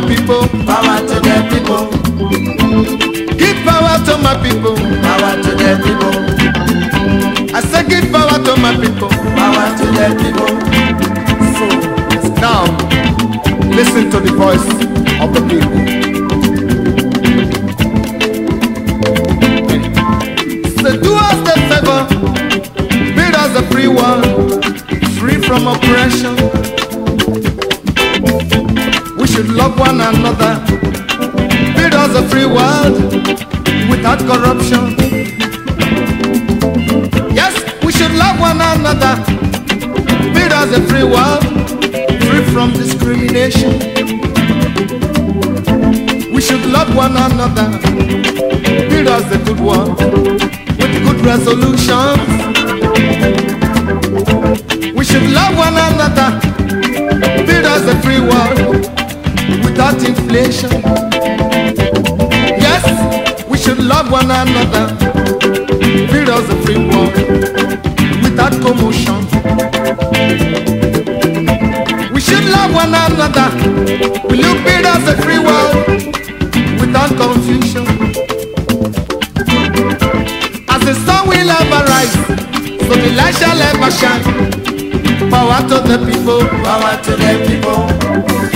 my people. Power to the people. Give power to my people. Power to the people. I say give power to my people. Power to the people. So now, listen to the voice of the people. So do us the favor, build us a free world, free from oppression. should love one another. Build us a free world without corruption. Yes, we should love one another. Build us a free world free from discrimination. We should love one another. Build us a good world with good resolutions. We should love one another. nation. Yes, we should love one another. Build us a free world without commotion. We should love one another. Will you build us a free world without confusion? As the sun will ever rise, so the light shall ever shine. Power to the people, power to the people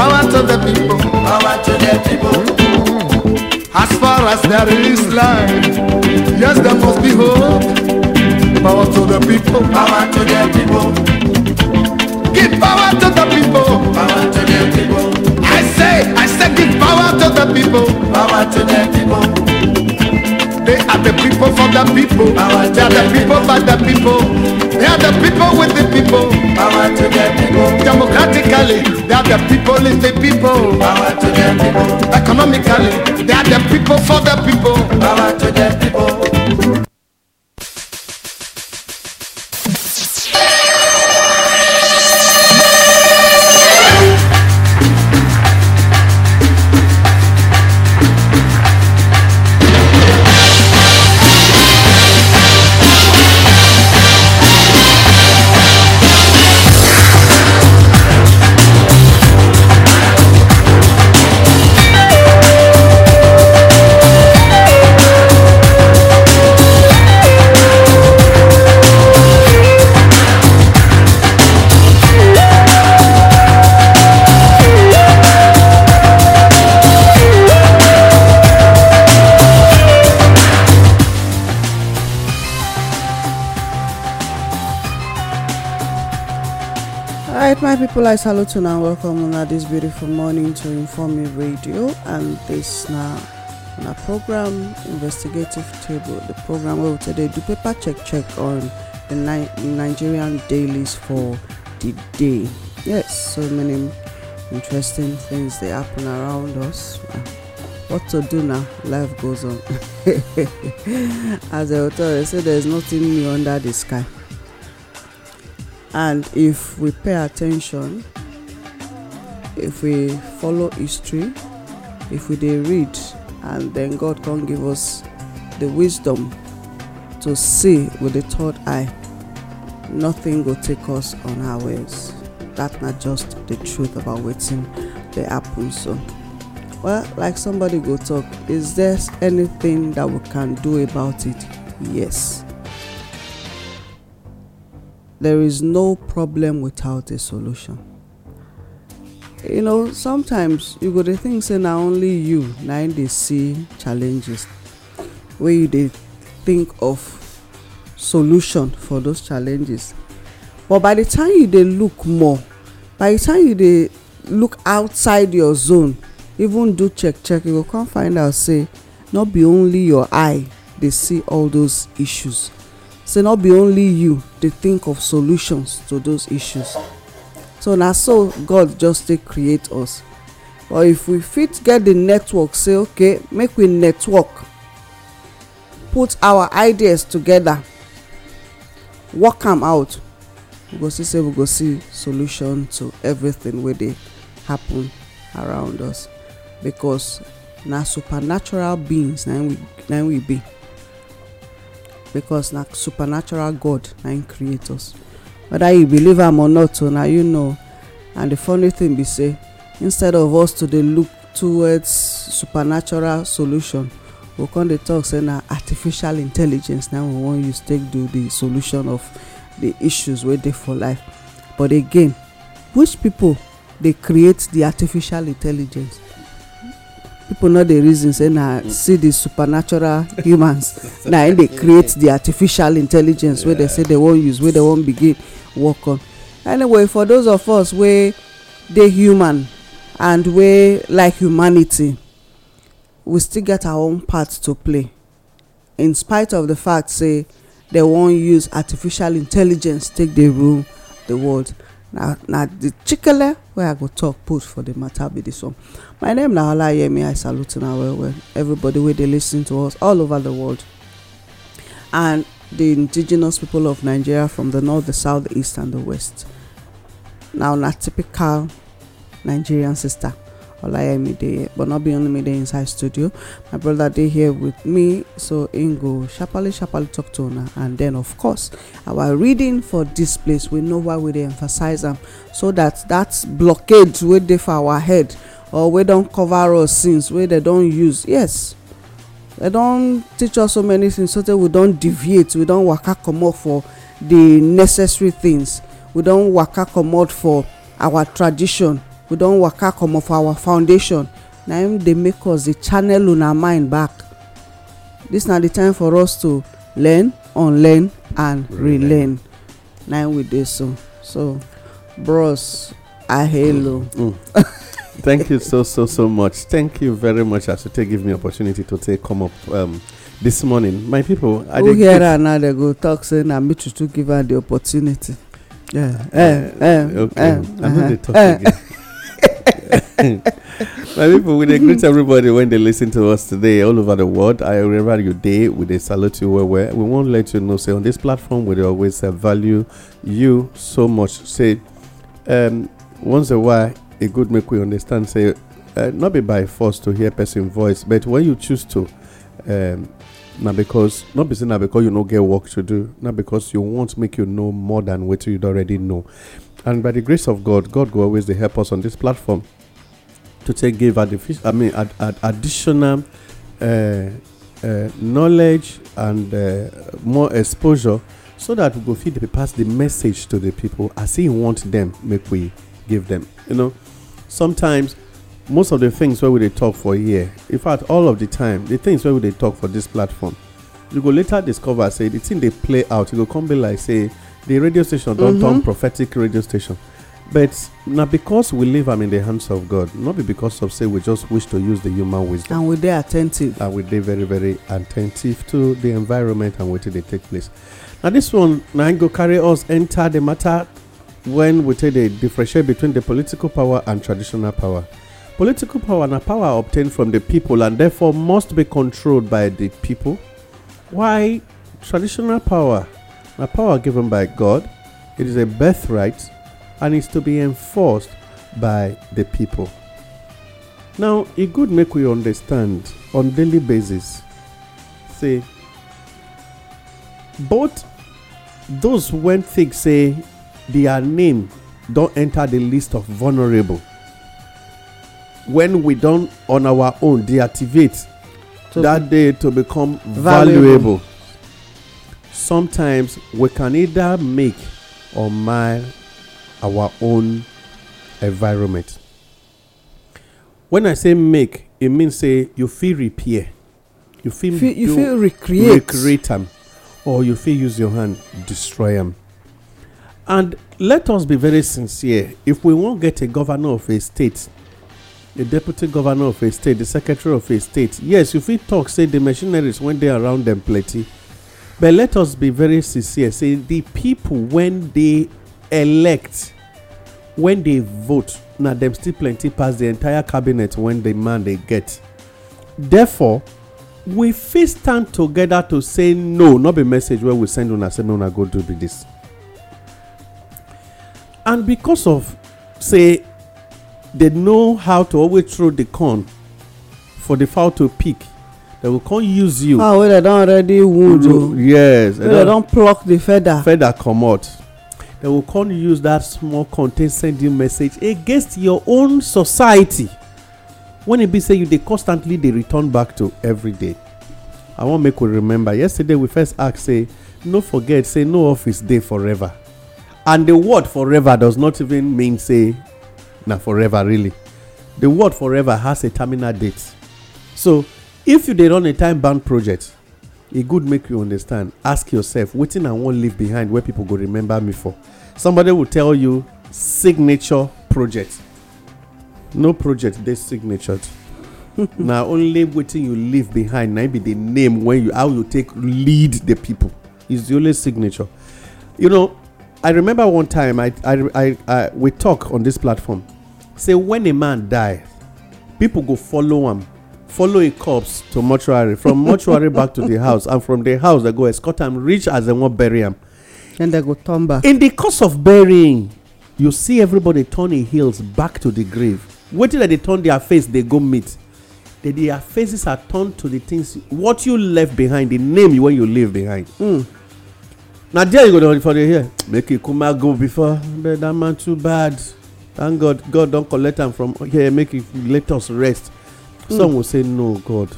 Power to the people. Power to the people. As far as there is life, yes, there must be hope. Power to the people. Power to the people. Give power to the people. Power to the people. I say, I say, give power to the people. Power to the people. They are the people for the people. Power they are the people for the people are the people with the people. Power to the people. Democratically, they are the people with the people. Power to the people. Economically, they are the people for the people. Power to the people. people, I salute you and welcome on this beautiful morning to Inform Me Radio and this now on our program Investigative Table, the program where we today do paper check check on the Ni- Nigerian dailies for the day. Yes, so many interesting things they happen around us. What to do now? Life goes on. As the author said, there's nothing new under the sky. And if we pay attention, if we follow history, if we they read, and then God can give us the wisdom to see with the third eye, nothing will take us on our ways. That's not just the truth about waiting the happen so. Well, like somebody go talk, is there anything that we can do about it? Yes. There is no problem without a solution. You know, sometimes you go dey think say "Now only you na they see challenges Where you they think of solution for those challenges but by the time you they look more by the time you they look outside your zone even do check check you go come find out say not be only your eye they see all those issues say not be only you dey think of solutions to those issues so na so god just take create us but if we fit get the network say okay make we network put our ideas together work am out we go see say we go see solution to everything wey dey happen around us because na supernatural beings na we na we be because na supernatural god na him create us whether you believe am or not o na you know and the funny thing be say instead of us to dey look towards supernatural solution we come dey talk say na artificial intelligence na we wan use take do the solution of the issues wey dey for life but again which people dey create the artificial intelligence people no dey reason say na see the supernatural humans na im dey create the artificial intelligence wey dem say dem wan use wey dem wan begin work on anyway for those of us wey dey human and wey like humanity we still get our own part to play in spite of the fact say dem wan use artificial intelligence take dey rule the world na na the chikele wey i go talk put for the matter be this one my name na olayemi i salute una well well everybody wey dey lis ten to us all over the world and the indigenous people of nigeria from the north the south the east and the west now na typical nigerian sister Olayemide, but not beyond Mide inside studio. My brother they here with me, so Ingo sharply sharply talk to her, and then of course our reading for this place we know why we emphasize them, so that that's blockade wey dey for our head or we don't cover our sins. wey they don't use yes they don't teach us so many things so that we don't deviate we don waka comot for the necessary things we don waka comot for our tradition we don waka comot for our foundation na im dey make us dey channel una mind back This na the time for us to learn unlearn and relearn na im we dey so so bros ahelo. Mm, mm. thank you so so so much thank you very much as you take give me opportunity to take come up um, this morning my people i dey hear am now dey go talk say na me too give her the opportunity yeah eh, uh, uh, okay uh, i no dey talk eh. again My people, we greet everybody when they listen to us today all over the world. I remember your day with a salute you where we won't let you know. Say on this platform, we always uh, value you so much. Say um, once a while, a good make we understand. Say uh, not be by force to hear person voice, but when you choose to, um, not because not be say not because you no get work to do, not because you want make you know more than what you already know. And by the grace of God, God will always help us on this platform to take give additional, I mean, add additional uh, uh, knowledge and uh, more exposure so that we go feed pass the message to the people as he want them make we give them you know sometimes most of the things where we they talk for a year in fact all of the time the things where we they talk for this platform you go later discover say the thing they play out you go come be like say the radio station downtown mm-hmm. turn prophetic radio station but now because we leave am in the hands of god not be because of say we just wish to use the human wisdom and we dey attentive and we dey very very attentive to the environment and did they take place Now this one now im go carry us enter the matter when we take the differentiate between the political power and traditional power political power and power obtained from the people and therefore must be controlled by the people Why traditional power a power given by God, it is a birthright, and is to be enforced by the people. Now, it could make we understand on daily basis. Say, both those when things say their name don't enter the list of vulnerable when we don't on our own deactivate that day to become valuable. valuable sometimes we can either make or mar our own environment. When I say make, it means say you feel repair, you feel, feel you feel recreate, recreate them, or you feel use your hand destroy them. And let us be very sincere. If we won't get a governor of a state, a deputy governor of a state, the secretary of a state, yes, if we talk, say the machineries when they around them plenty, but let us be very sincere say the people when they elect when they vote na dem still plenty pass the entire cabinet when di man dey get therefore we fit stand together to say no not be message wey we send una say make una go do be dis and because of say they know how to always throw the corn for the fowl to pick they will come use you ah wey dem don already wound o yes wey dem don pluck the feather feather comot dem will come use that small container send you message against your own society when e be say you dey constantly dey return back to every day i wan make we remember yesterday we first ask say no forget say no office dey forever and the word forever does not even mean say na forever really the word forever has a terminal date so if you dey run a time bound project e good make you understand ask yourself wetin i wan leave behind wey people go remember me for somebody will tell you signature project no project dey signatured na only wetin you leave behind na be the name when you how you take lead the people is the only signature you know i remember one time i i i we talk on this platform say when a man die people go follow am follow a corpse to mortuary from mortuary back to the house and from the house they go escort am reach as dem wan bury am then they go turn back in the course of burying you see everybody turn im heels back to the grave wetin dem dey turn their face dey go meet that their faces are turned to the things what you left behind the name when you leave behind. Mm. na there you go for the here make ikuma go before but that man too bad thank god god don collect am from here make e let us rest Mm. some will say no god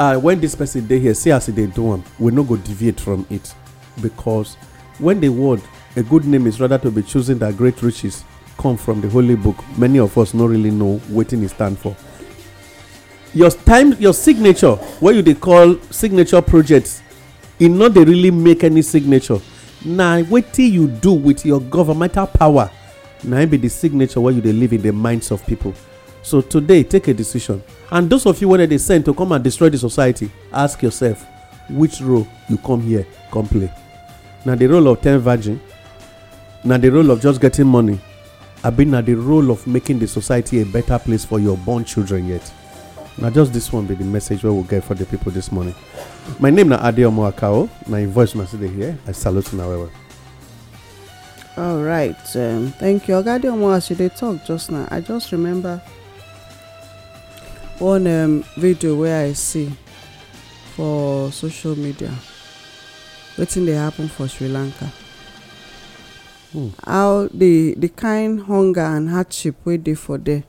ah when this person dey here see as they do am we no go deviate from it because when the word a good name is rather to be chosen that great riches come from the holy book many of us no really know wetin e stand for your time your signature wey you dey call signature project e no dey really make any signature na wetin you do with your governmental power na be the signature wey you dey leave in the minds of people so today take a decision and those of you wey dem dey send to come and destroy the society ask yourself which role you come here come play na the role of ten virgin na the role of just getting money abi na the role of making the society a better place for your born children yet na just this one be the message wey we get for the people this morning my name na adeomo akao na im voice na still dey here i salute una well well. all right um, thank you oga adeomo as you dey talk just now i just remember one um, video wey i see for social media wetin dey happen for sri lanka hmm. how the the kind hunger and hardship wey dey for there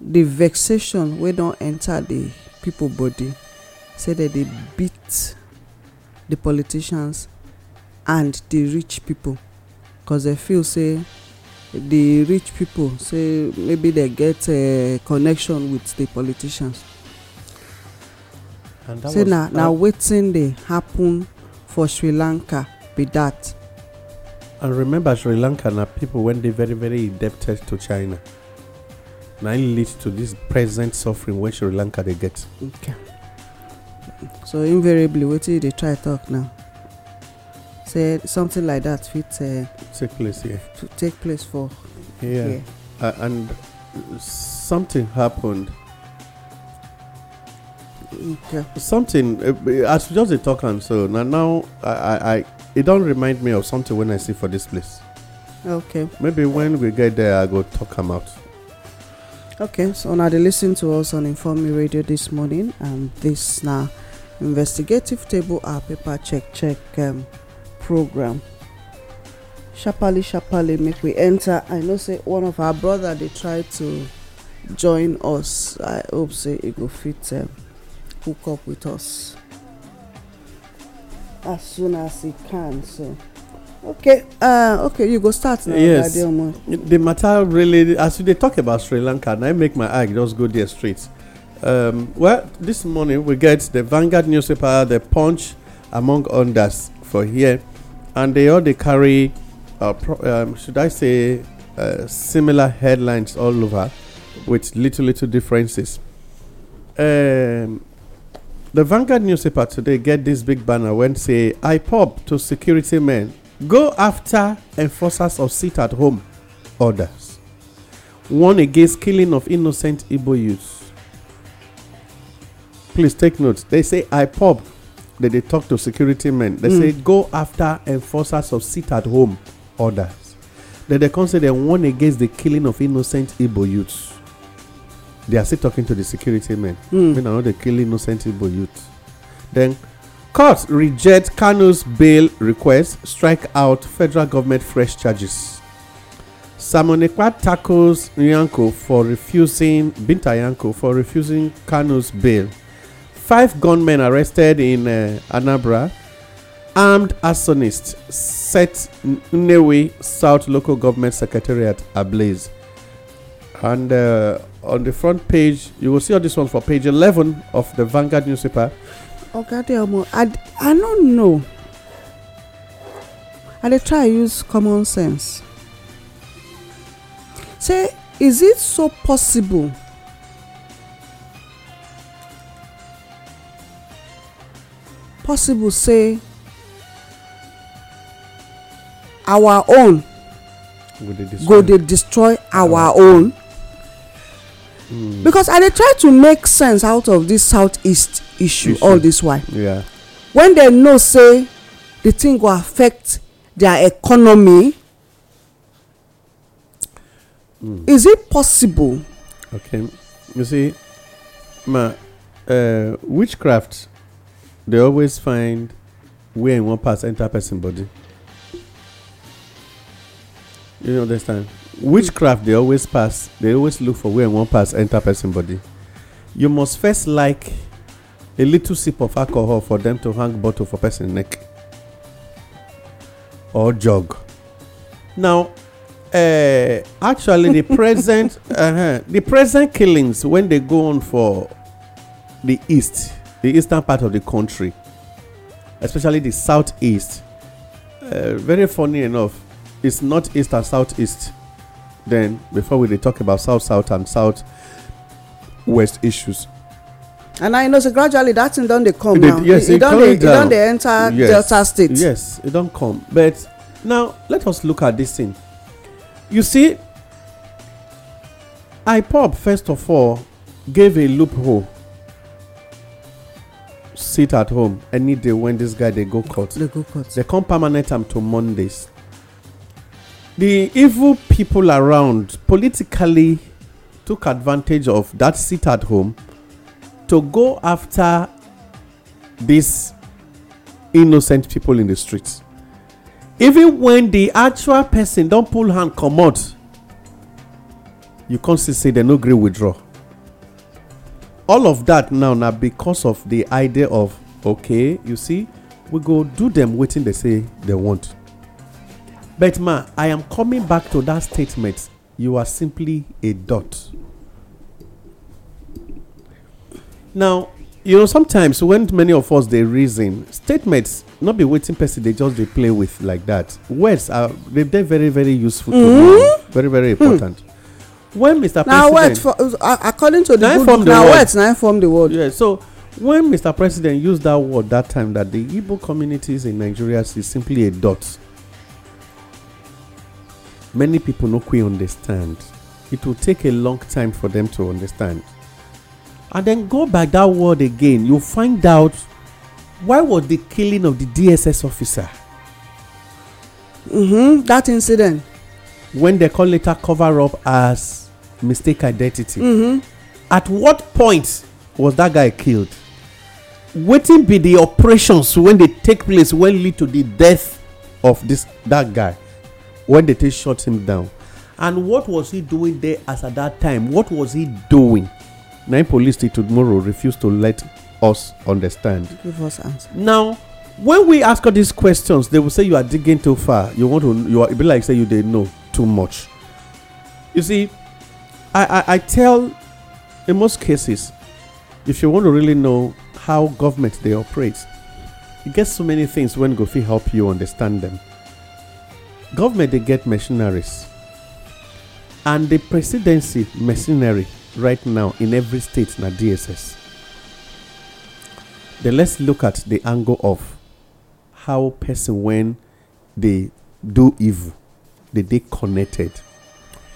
the vexation wey don enter the people body say dem dey beat the politicians and the rich people cause dem feel say the rich people say maybe they get uh, connection with the politicians say na na wetin dey happen for sri lanka be that. and remember sri lanka na people wey dey very very indebted to china na im lead to this present suffering wey sri lanka dey get okay so invariably wetin you dey try talk now said something like that fit uh, take place here. To take place for yeah. here. Uh, and something happened. Okay. Something uh, uh just a talk and so now now I, I, I it don't remind me of something when I see for this place. Okay. Maybe when we get there, I go talk him out. Okay, so now they listen to us on Inform Me Radio this morning, and this now investigative table our paper check check. Um, program sharparly sharparly make we enter i know say one of our brother dey try to join us i hope say e go fit um, hook up with us as soon as e can so okay uh, okay you go start now yes the matter really as you dey talk about sri lanka na make my eye just go there straight um, well this morning we get the vanguard newspaper the punch among others for here and they all they carry, uh, pro- um, should I say, uh, similar headlines all over, with little little differences. Um, the Vanguard newspaper today get this big banner when say pop to security men go after enforcers of sit at home orders. one against killing of innocent Igbo youths. Please take note. They say pop." that they talk to security men. They mm. say go after enforcers of sit at home orders. Then they come say they warn against the killing of innocent Igbo youths. They are still talking to the security men. Mm. they are not innocent Igbo youths. Then court reject Kanu's bail request, strike out federal government fresh charges. Samonekwa tackles Nyanko for refusing Binta Yanko for refusing Kanu's bail. five gunmen arrested in uh, Anambra, armed arsonist set Nnewi South Local Government Secretariat ablaze. And uh, on the front page, you will see on this one for page 11 of the Vanguard newspaper. Okay, Delmo, I, I don't know. I dey try use common sense. Say, is it so possible? possible say our own go dey destroy our own hmm. because i dey try to make sense out of this southeast issue all dis while when dem know say the thing go affect their economy hmm. is it possible okay you see ma eh, witchcraft they always find where in one part enter person body you understand witchcraft They always pass They always look for where in one pass enter person body you must first like a little sip of alcohol for them to hang bottle for person neck or jog now uh, actually the present uh-huh, the present killings when they go on for the east the eastern part of the country, especially the southeast. Uh, very funny enough, it's not east and southeast. Then, before we talk about south, south, and south west issues. And I know so gradually that thing don't they come they, now. Yes, it, it, it don't they, it don't they enter yes. Delta State. Yes, it don't come. But now let us look at this thing. You see, IPOP first of all gave a loophole sit at home any day when this guy dey go court dey go court dey come permanent am to mondays di evil pipo around politically took advantage of dat sit at home to go after dis innocent pipo in di street even wen di actual person don pull hand comot you come see say dem no gree withdraw all of that now na because of the idea of okay you see we go do them. wetin they say they want but ma i am coming back to that statement you are simply a dot now you know sometimes when many of us dey reason statements not be wetin person dey just dey play with like that words are dey very very useful to mm-hmm. know very very hmm. important when mr now president na wet uh, according to the good book na wet na inform the world yes so when mr president used that word that time that the igbo communities in nigeria is simply a dot many people no quick understand it will take a long time for them to understand and then go back that word again you find out why was the killing of the dss officer. Mm-hmm, that incident. when they call later cover up as mistake identity mm-hmm. at what point was that guy killed wetin be the operations wey dey take place wey lead to the death of this that guy when they take shot him down and what was he doing there as at that time what was he doing na im police till tomorrow refuse to let us understand give us answer now when we ask all these questions they will say you are digging too far you want to you are be like say you dey know too much you see I, I, I tell, in most cases, if you want to really know how government they operate, you get so many things when Gofi help you understand them. Government they get mercenaries, and the presidency mercenary right now in every state na DSS. Then let's look at the angle of how person when they do evil, they they connected.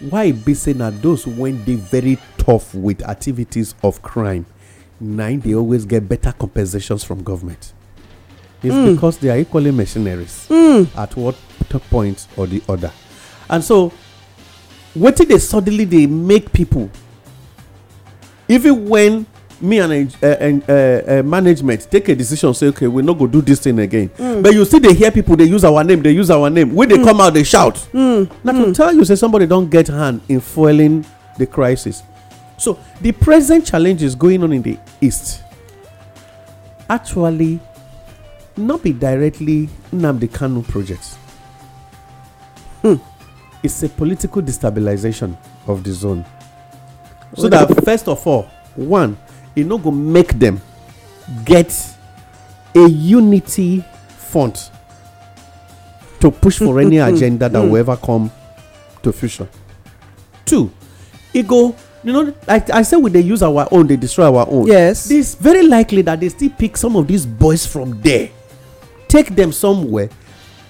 why e be say na those wen dey very tough with activities of crime na im dey always get better compensations from government It's mm. because they are equally mercenaries mm. at what point or the other and so wetin dey suddenly dey make people even when me and uh, uh, uh, uh, management take a decision say okay we no go do this thing again mm. but you still dey hear people dey use our name dey use our name wey dey mm. come out dey shout mm. na to tell you say somebody don get hand in foiling the crisis so the present challenges going on in the east actually not be directly nnamdi kanu project hmm it's a political destabilization of the zone so that first of all one e no go make dem get a unity front to push for any agenda that will hmm. ever come to fruition. two e go you know I i say we dey use our own dey destroy our own yes it's very likely that they still pick some of these boys from there take them somewhere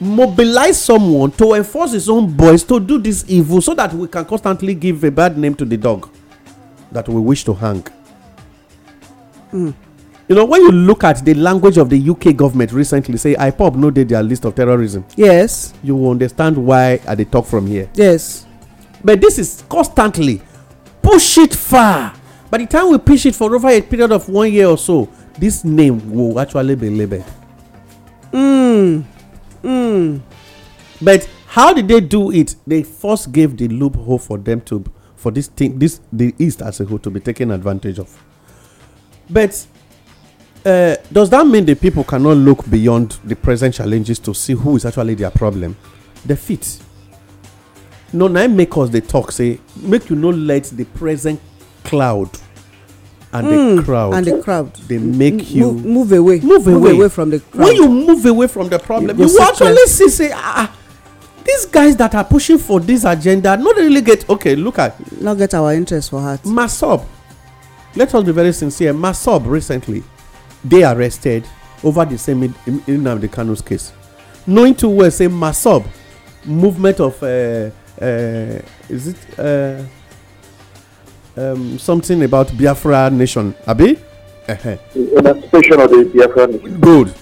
mobilize someone to enforce his own boys to do this evil so that we can constantly give a bad name to the dog that we wish to hang Mm. You know, when you look at the language of the UK government recently, say IPOB no did their list of terrorism. Yes. You will understand why Are they talk from here. Yes. But this is constantly push it far. By the time we push it for over a period of one year or so, this name will actually be labeled. Mm. Mm. But how did they do it? They first gave the loophole for them to for this thing, this the East as a whole to be taken advantage of. But uh, does that mean the people cannot look beyond the present challenges to see who is actually their problem? The fit. No, now make us the talk say make you not let the present cloud and mm, the hmm, crowd and the crowd they make you move, move away move, move away. away from the crowd. when you move away from the problem you, you actually see say ah, ah these guys that are pushing for this agenda no really get okay look at not get our interest for heart mass up Let us be very sincere. Masop recently, they arrested over the same Nnamdi um, Kanu's case. Knowing too well, say Masop movement of uh, uh, is it uh, um, something about Biafra nation, Abi? Uh-huh. Emancipation of the Biafra nation. Good.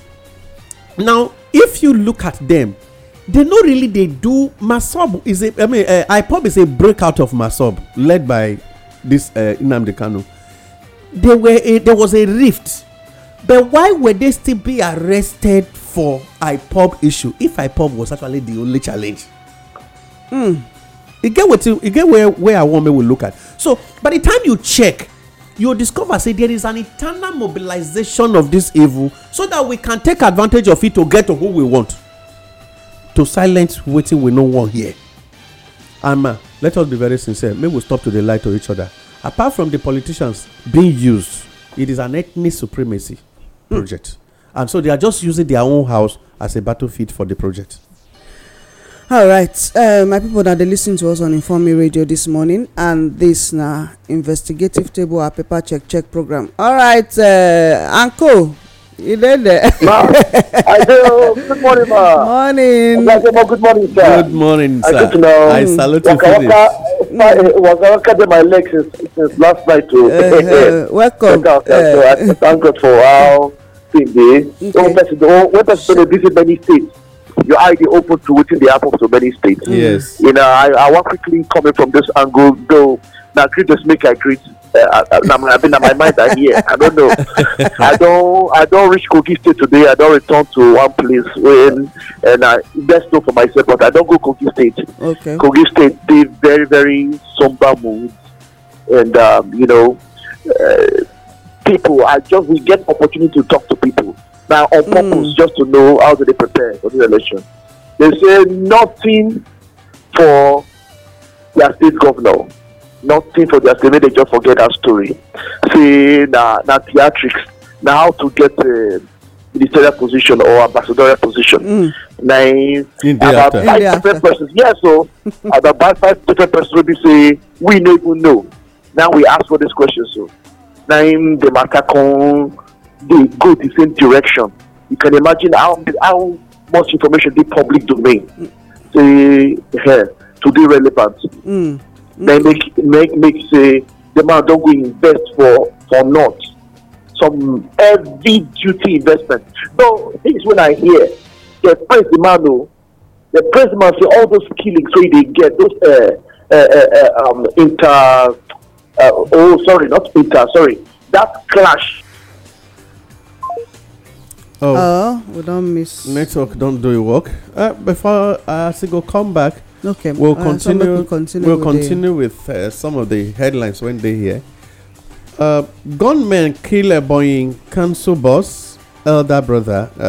Now, if you look at them, they no really they do Masob is a I mean uh, IPOB is a breakout of Masob led by this uh, Inamde Kanu they were a, there was a rift but why were they still be arrested for ipob issue if ipob was actually the only challenge hmm e get wetin e get where where i wan make we look at so by the time you check you discover say there is an internal mobilization of this evil so that we can take advantage of it to get to who we want to silence wetin we no want here. and ma let us be very sincere make we stop to dey lie to each other apart from the politicians being used, it is an ethnic supremacy hmm. project. Mm. And so they are just using their own house as a battlefield for the project. All right, uh, my people that they listen to us on Inform Radio this morning, and this now investigative table our paper check check program. All right, uh, Uncle. Ilele. Ma, Ayo, oh, Good morning, ma. Morning. Say, good morning, sir. Good morning, sir. I, know. I salute you for this. My, waka, waka, waka my legs since, since last night too. Oh. Uh-huh. Uh, uh, welcome. uh, so I thank God for how things dey. Okay. One person, one person dey visit many states. Your eye dey open to wetin dey happen to many states. Yes. You know, I, I wan quickly comment from this angle, though. Na greet just make I greet. Uh, I, I, I've been at my mind I here. I don't know. I don't. I don't reach Kogi State today. I don't return to one place when and I best know for myself. But I don't go Kogi State. Okay. Kogi State did very very somber mood, and um, you know, uh, people. I just we get opportunity to talk to people now on mm. purpose just to know how do they prepare for the election. They say nothing for their state governor nothing for their say make dem just forget that story say na na theatrics na how to get uh, ministerial position or ambassadorial position mm. na about five different persons yes so about five different persons wey be say we no even know now we ask all these questions so na im the matter come dey go the same direction you can imagine how how much information dey public domain mm. say uh, to dey relevant. Mm. They make make make say the man don't go invest for for not some heavy duty investment. Though things when I hear the praise oh, the man the praise man say all those killings where they get those uh, uh, uh, um, inter eh, oh sorry not inter sorry that clash Oh, uh, we don't miss. Network don't do your work. Uh, before I uh, go come back, Okay. We'll uh, continue. continue. We'll with continue with uh, some of the headlines when they hear. Uh, gunmen kill Ebonyi council boss elder brother. Uh,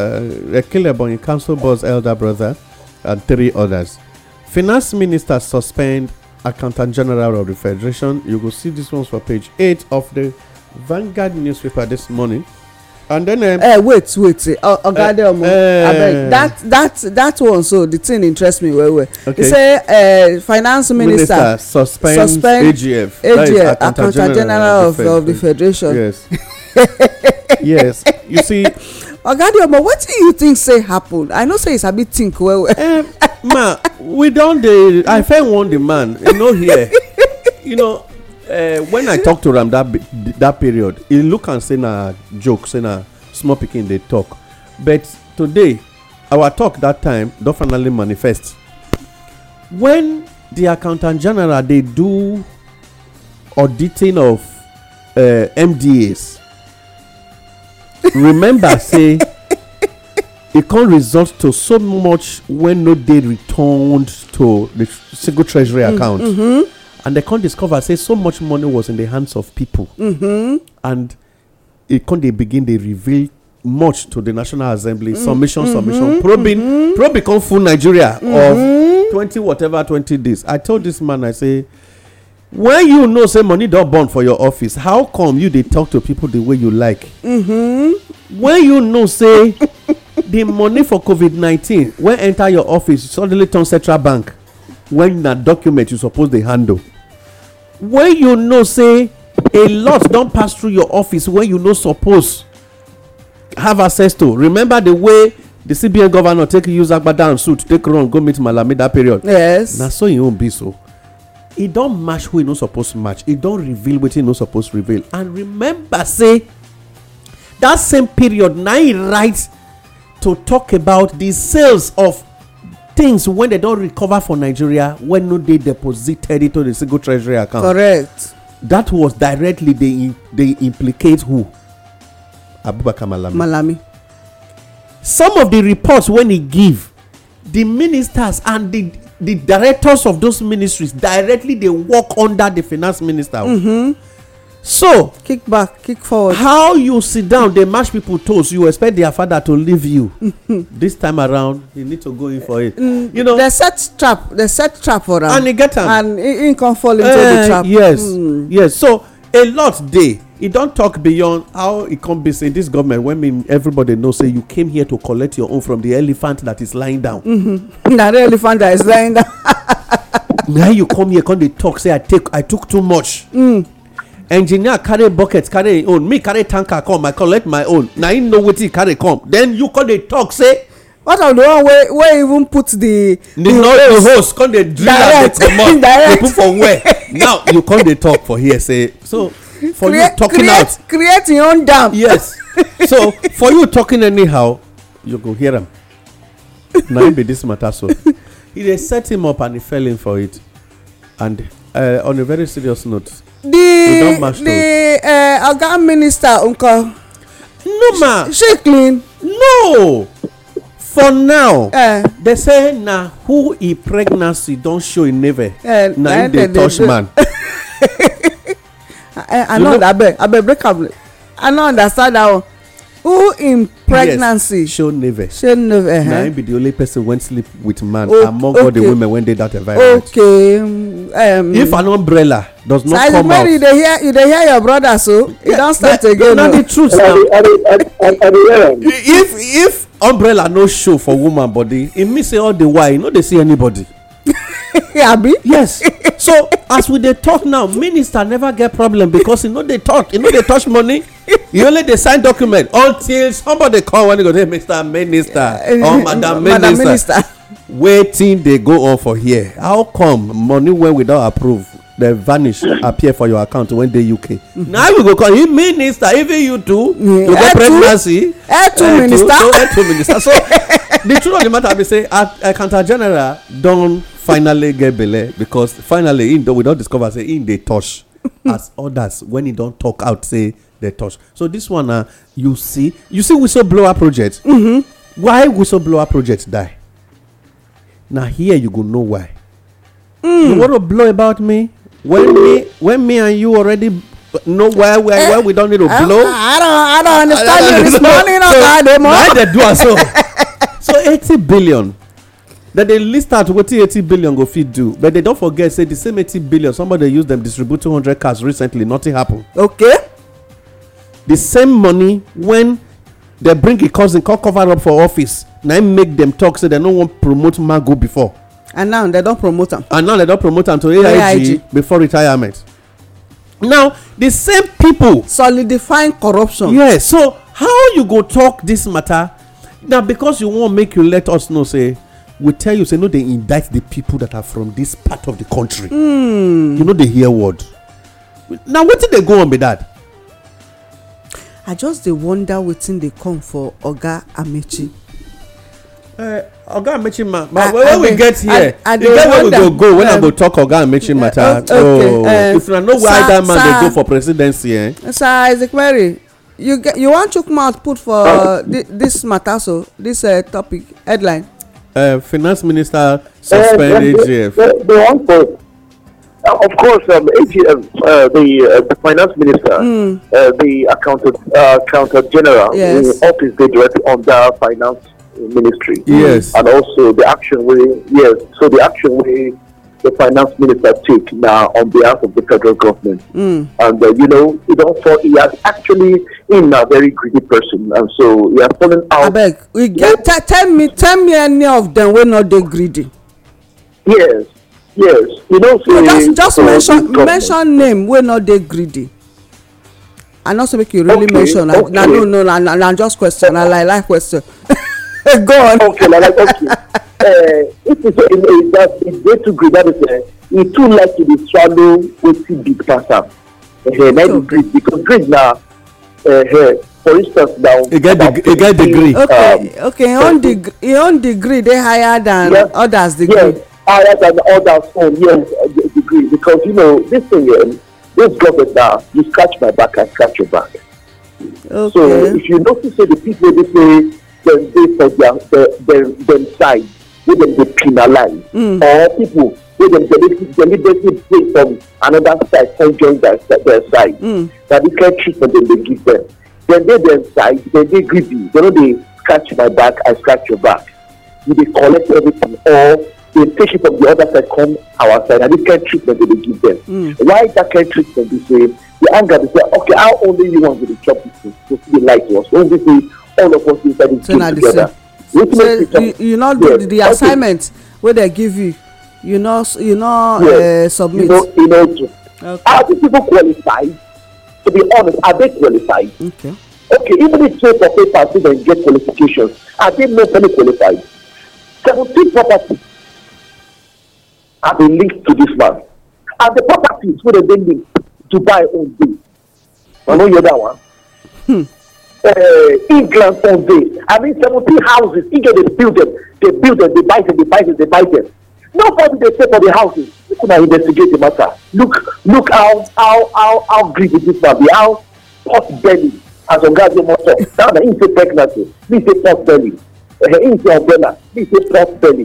uh kill Ebonyi council boss elder brother, and three others. Finance minister suspend accountant general of the federation. You will see this ones for page eight of the Vanguard newspaper this morning. and then um, eh wait wait oga eh, adeomu eh. abeg that that that one so the thing interest me well well okay. he say uh, finance minister, minister suspend suspend agf agf accountant general, general of, of the federation yes yes you see oga adeomu wetin you think say happen i know say you sabi think well well. Um, ma we don dey i first warn the man you no know, hear you know uh, when i talk to am that that period he look am say na joke say na small pikin dey talk but today our talk that time don finally manifest when the accountant general dey do auditing of uh, eh, mdas remember say e con result to so much wey no dey returned to the single treasury mm, account mm-hmm and they can't discover say so much money was in the hands of people mm-hmm. and it can't they begin they reveal much to the national assembly mm-hmm. submission mm-hmm. submission probing mm-hmm. probe become full nigeria of 20 mm-hmm. whatever 20 days i told this man i say when you know say money don burn for your office how come you dey talk to people the way you like mm-hmm. when you know say the money for covid-19 wey enter your office suddenly turn central bank when na document you suppose dey handle when you know say a lot don pass through your office wey you no suppose have access to remember the way the cbn governor take use agbada and suit take run go meet malami that period yes na so e own be so e don match who e no suppose match e don reveal wetin e no suppose reveal and remember say that same period na e right to talk about the sales of things wey dem don recover for nigeria wey no dey deposited into the single treasury account correct that was directly dey implicate who abubakar malami malami some of the reports wey he give the ministers and the the directors of those ministries directly dey work under the finance minister mm-hmm so kick back kick forward how you sit down dey match people toes you expect their father to leave you this time around you need to go in for it mm, you know they set trap they set trap for am and e get am and e come fall into the eh, trap yes mm. yes so a lot dey e don talk beyond how e come be say this government when everybody know say you came here to collect your own from the elephant that is lying down na mm-hmm. the elephant that is lying down na you come here come dey talk say i take i took too much mm engineer carry bucket carry im own me carry tanker come i collect my own na im know wetin carry come then you come dey talk say what of the one wey wey even put the the noise the host. come dey drill am dey comot dey put for where now you come dey talk for here say so for create, you talking create, out create your own dam yes so for you talking anyhow you go hear am na him be this matter so he dey set him up and he fell in for it and uh, on a very serious note the the uh, eh, oga minister nko. no ma she, clean. no for now Eh. they say na who e pregnancy don show e neighbor uh, na im dey touch man. Eh, i i no abeg abeg break am i no understand that one who in pregnancy. yes show neve show neve uh -huh. na him eh? be the only person wey sleep with man okay, among okay. all the women wey dey that environment. okay. Um, if an umbrella does not Size come out. you dey hear you dey hear your brother so e don start again. na oh. the truth now. if if umbrella no show for woman body e mean say all the while you no dey see anybody. abi. yes so as we dey talk now minister never get problem because e no dey talk e no dey touch money e only dey sign document until somebody call when e go say mr minister or madam minister. wetin dey go on for here how come money wey we don approve They vanish mm. appear for your account when dey uk na we go call him minister even you too you get pregnancy etu minister etu minister so the truth of the matter be say accountant general don finally get belle because finally we don discover say him dey touch as others when he don talk out say dey touch so this one na you see you see whistleblower project mm-hmm. why whistleblower project die na here you go know why you mm. wan to blow about me when me when me and you already know where where eh, where we don't need to I, eh, eh, blow. I don't I don't understand I don't you this morning or Friday morning. Why they do so? so eighty billion. Then they list out what eighty billion go fit do, but they don't forget say the same eighty billion somebody used them distribute hundred cars recently, nothing happened. Okay. The same money when they bring a cousin call cover up for office, now make them talk say they don't want promote Mago before and now they don promote am and now they don promote am to aig before retirement now the same people. solidifying corruption yes so how you go talk this matter na because you wan make you let us know say we tell you say no dey indict the people that are from this part of the country hmm. you no dey hear word na wetin dey go on be that? i just dey wonder wetin dey come for oga amechi eh, oga mechima but when we get here e get where we go go when i go um, talk oga mechima matter uh, oh um, if na know why dat man dey go for presidency eh sir isaac mary you get you wan chook mouth put for dis oh. matter so dis uh, topic headline Uh, finance minister uh, suspend agf of course, um, AGM, uh, the, uh, the finance minister, mm. uh, the accountant, accountant general, yes. the office they direct on finance ministry. Yes. And also the action we yes, so the action we the finance minister take now on behalf of the federal government. Mm. And uh, you know, he don't fall. He has actually in a very greedy person, and so he has fallen out. I beg, we get yeah. tell me, tell me any of them were not they greedy. Yes, yes, you know. So no, just just uh, mention mention name were not they greedy. and also make you really okay, mention okay. na no no na na just question I like like question. Go on. Okay, Lala, thank you. Uh, it is a, a, that it's way too great, that is, uh, e too like to dey swallow wetin big person. am. Uh, eh, eh, na so, because greed now, uh, uh, for instance now. e get degree degree. Um, okay okay e own degree e own degree they higher than yes, others degree. yes higher than others own oh, yes uh, degree because you know this thing um, this government now, you scratch my back i scratch your back. okay so if you notice say the people they dey say dem dey for their dem dem side wey dem dey penalize. Mm. or people wey dem deliberately bring from another side come join their their side. na mm. the kind treatment dem dey give them. dem dey dem side dem dey greedy dem no dey scratch my back i scratch your back. We dey collect everything or dey take it from the other side come our side na this kind treatment dem dey give them. Mm. why that kind treatment be say the anger be say okay how only you wan go dey chop this thing go still dey us only say all of us inside this group together. so you, you no do yes. the, the assignment okay. wey dem give you you no you no uh, yes. uh, submit. you no you no do. okay are these people qualified to be honest are they qualified. okay okay even if two for paper still dey get qualifications are they not mentally qualified seventeen properties have been linked to this man and the properties wey dem dey linked buy own dey i no hear that one. Hmm uh, England on this. I mean, 17 houses. England, they build them. They build them. They buy them. They buy them. They buy them. Nobody they pay for the houses. People can investigate the matter. Look, look how how how how greedy this man be. How pot belly as Ogadio must talk. Now that he say pregnancy, me say pot belly. Eh, he say umbrella, me say pot belly.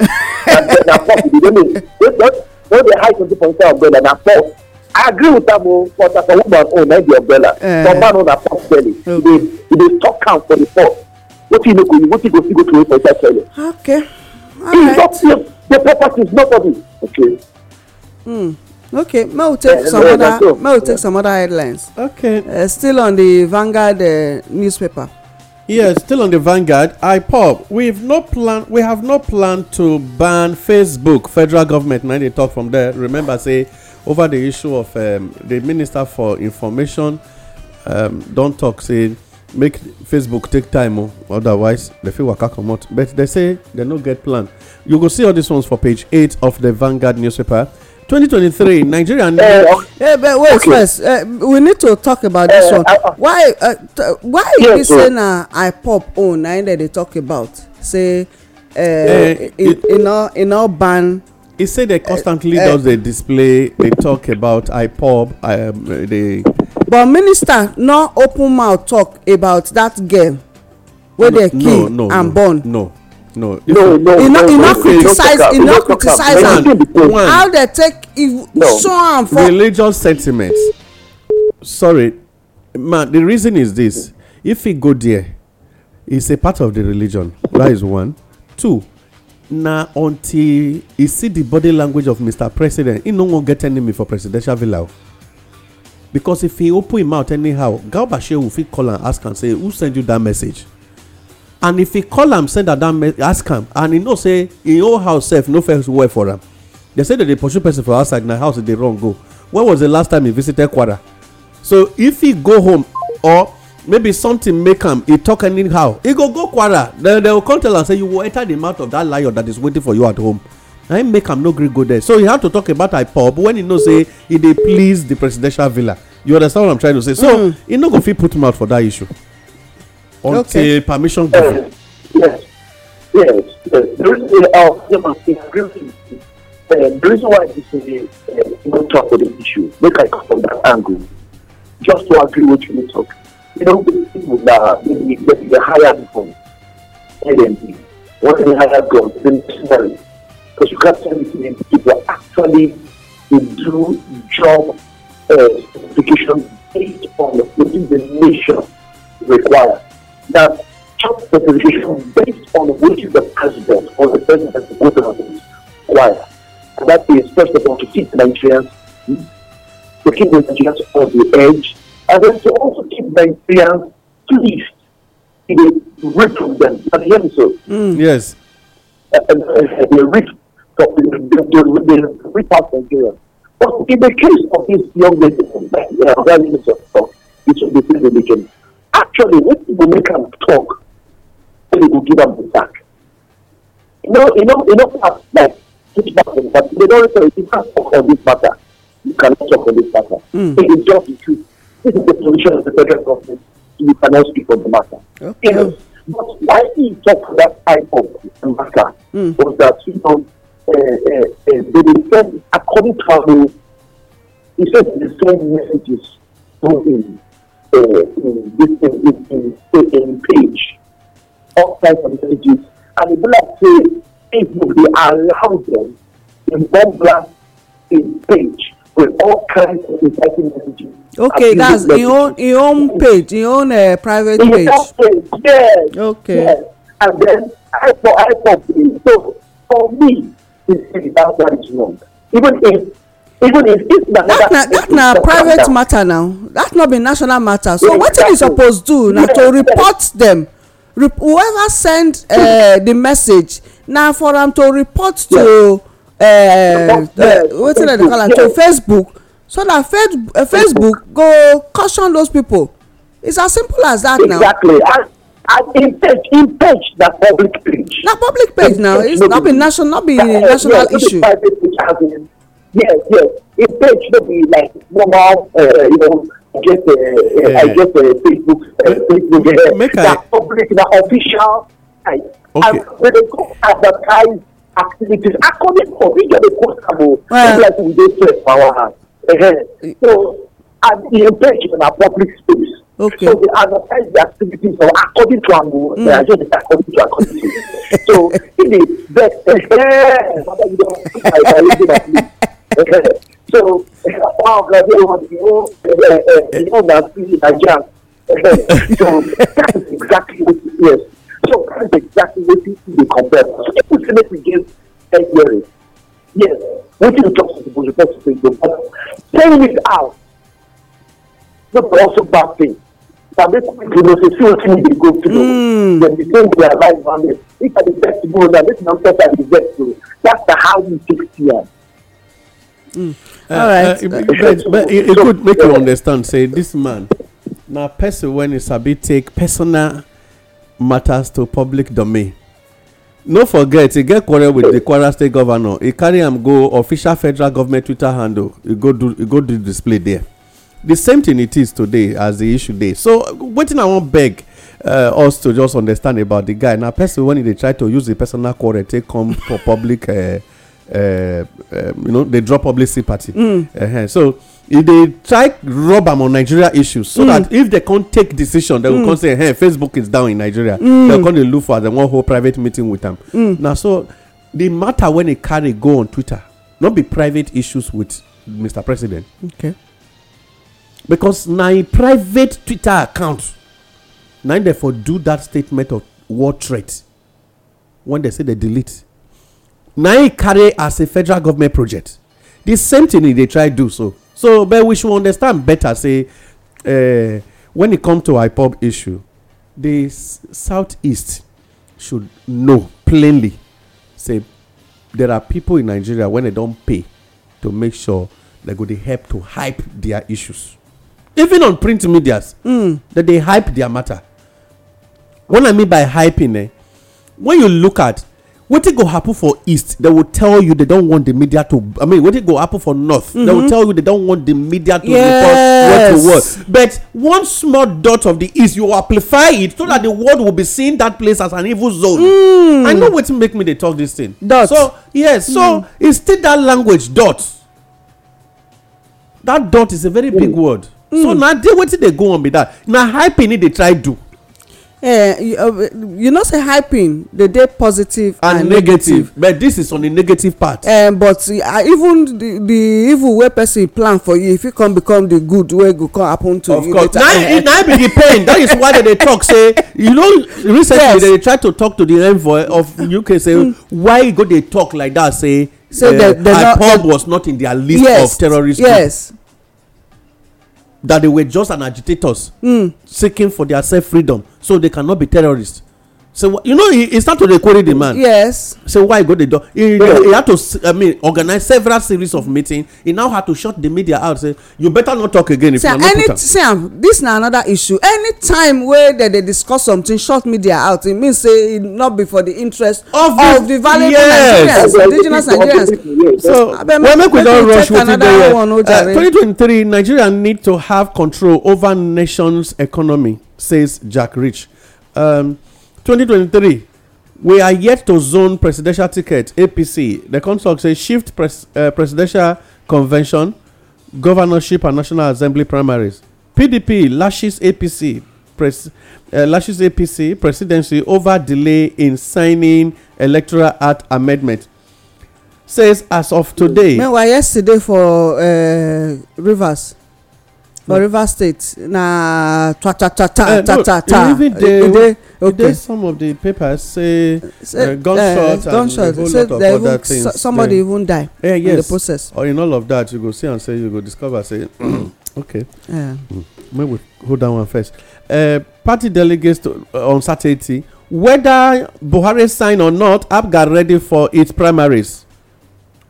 Na pot be the name. Don't don't dey hide something for inside umbrella. Na pot i agree with that, o oh, but as a woman own na be umbrella some man on na pot belly e they e dey talk am for the pot What you no what you go still go to for inside toilet. okay all right e talk say the property is nobody. okay. Hmm. okay may we take uh, some eh, other so. may we take some other headlines. okay uh, still on the vanguard uh, newspaper. Yes, still on the vanguard. I IPOB, we've no plan. We have no plan to ban Facebook. Federal government now they talk from there. Remember, say over the issue of um, the minister for information um, don talk. say make facebook take time o oh, otherwise dem fit waka comot but they say they no get plan you go see all these ones for page eight of the vanguard newspaper 2023 nigeria hey eh, oh. eh, but wait first eh, we need to talk about this one uh, uh. why uh, why you be say na ipop own na im dem dey talk about say e no ban He said they constantly uh, does uh, the display. They talk about IPOB. Um, they. But minister no open mouth talk about that girl wey no, dey kill no, no, and no, burn. No, no, no, no, no. He no, he no criticize. He no criticize am. How they take no. show am for. Religious sentiment. Sorry, man. The reason is this: if he go there, it's a part of the religion. That is one. Two na until e see the body language of mr president He no wan get enemy for presidential villa because if he open him mouth anyhow garba shehu fit call am ask am say who send you that message and if he call am send am ask am and he know say him own house sef no first well for am dem say dem dey pursue person for outside na house e dey run go when was the last time he visited kwara so if he go home or maybe something make am He talk anyhow He go go kwara they dem come tell am say you go enter the mouth of that lion that is waiting for you at home na him make am no gree go there so he had to talk about ipob when he know say he dey please the presidential villa you understand what i'm trying to say so mm. he no go fit put mouth for that issue until permission given. yes yes yes the reason why this is a uh, uh talk for the issue make i come from that angle just to agree with you talk you know, people that they get the hired from LMP, what they hired from intentionally. Because you can't tell me people actually do job uh, based on what the nation requires. That job specification based on which is the president or the president of the government requires. And that is, first of all, to keep Nigerians, hmm? to keep Nigerians on the edge and then to also keep my Nigerians pleased in a rich from them. And hear so. Mm. Yes. And they rich from the rich out Nigerians. But in the case of this young lady, organic uh, of it's a different religion. Actually, when people make them talk, they will give them the sack. You know, you know, you know, past like this matter, but they don't say it's not talk on this matter. You cannot talk on this matter. Mm. It is just the truth. This is the position of the federal government to be financially for the matter. Okay. You but why he talked that type of matter mm. was that, you know, uh, uh, uh, they defend, according to how he said the same messages in, uh, in, this, in, in, in, in page, all types of messages. And he black say, if they allow them, in one black in page, with all kinds of inciting messages. Okay, that's your own, your own page, your own uh, private page. page. Yes. Okay. Yes. And then I for I for me. So for me, it's that that is wrong. Even if even if it's na. that's na that's na private matter now that's not be national matter so what are you supposed to do na yes, to report yes. them Rep whoever send uh, the message now for am to report yes. to. Eh, eh, wetin dem dey call am to facebook so that eh, facebook go caution those people. it's as simple as that now exactly and im page im page na public page na public page now it's not be national not be national issue yes yes im page no be like normal you know get i get facebook facebook na public na official Okay. and we dey go advertise activities according to we get a comfortable well, like we dey stress for our hand uh-huh. Eh. so and e engage in our public space okay. so they advertise the activities or according to am mm. they are just according to according to so he dey vex mama you don see my my reason at least so one of like you know you know na see nigerian uh-huh. so that is exactly what it is. So that's exactly what they compare. So if make we get 10 years. Yes, what you talk to people, you to people, but 10 years out, not also bad thing. But they come to know, see what you need go through. Mm. Then they think they are right on it. If I detect to go, then let me not I detect to. That's the how we fix here. Mm. Uh, All right, uh, but, but, but it, it could make you understand. Say this man, now person when it's a bit take personal matters to public domain no forget e get quarrel with di kwara state Governor. e carry am go official federal government twitter handle e go do go do display there the same thing it is today as the issue dey so wetin i wan beg uh, us to just understand about di guy na person wen e dey try to use di personal quarrel take come for public uh, uh, um, you know dey draw public sympathy mm. so e dey try rub am on nigeria issues so mm. that if dem come take decision dem mm. go come say hey facebook is down in nigeria dem mm. come dey look for as dem wan hold private meeting with am na so the matter wey e carry go on twitter no be private issues with mr president okay. because na im e private twitter account na im dey for do that statement of war threat when dem say dem delete na im e carry as a federal government project The same thing e dey try do so so but we should understand better say uh, when it come to ipob issue the southeast should know plainly say there are people in nigeria when they don pay to make sure they go dey help to hype their issues even on print medias mm. that they hype their matter what i mean by hyping eh when you look at wetin go happen for east They will tell you they don want the media to i mean wetin go happen for north They will mhm. tell you they don want the media to report what to what. but one small dot of the east you amplify it so that the world will be seeing that place as an evil zone mm. i know wetin make me dey talk this thing dot so yes so e still that language dot that dot is a very big mm. word so na dey wetin dey go on be that na hype e dey try do Eh, uh, you know say hyping dey dey positive and negative but this is on the negative part eh, but uh, even the evil wey person plan for you e fit come become the good wey go come happen to you later of course na be the pain that is why they dey talk say you know recently they dey try to talk to the envoy of uk say mm. why you go dey talk like that say say uh, eh, IPOB was not in their list of terrorist yes that they were just an agitators mm. seeking for their self freedom so they cannot be terrorists so you know he he start to dey query the man. yes. say so why he go dey do he yeah. he had to i mean organize several series of meetings he now had to shut the media out say you better not talk again if see, you no put am. see this na another issue anytime wey dem dey discuss something shut media out e mean say e no be for the interest of, the, of the valuable yes. nigerians indigenous nigerians. so well make we don rush with dey here uh, twenty twenty three nigeria need to have control over nations economy says jack rich. Um, 2023 we are yet to zone presidential ticket apc the talk say shift pres uh, presidential convention governorship and national assembly primaries pdp lashes apc pres uh, lashes apc presidency over delay in signing electoral act amendment says as of today. meanwhile yesterday for uh, rivers for River state na ta ta ta ta ta ta ta e dey okay some of the papers say eh, gunshot eh, and a whole lot of other things somebody even die eh, in the process or in all of that you go see am say you go discover say okay Yeah. Hmm. may we hold that one first party delegates on saturday whether buhari sign or not apga ready for its primaries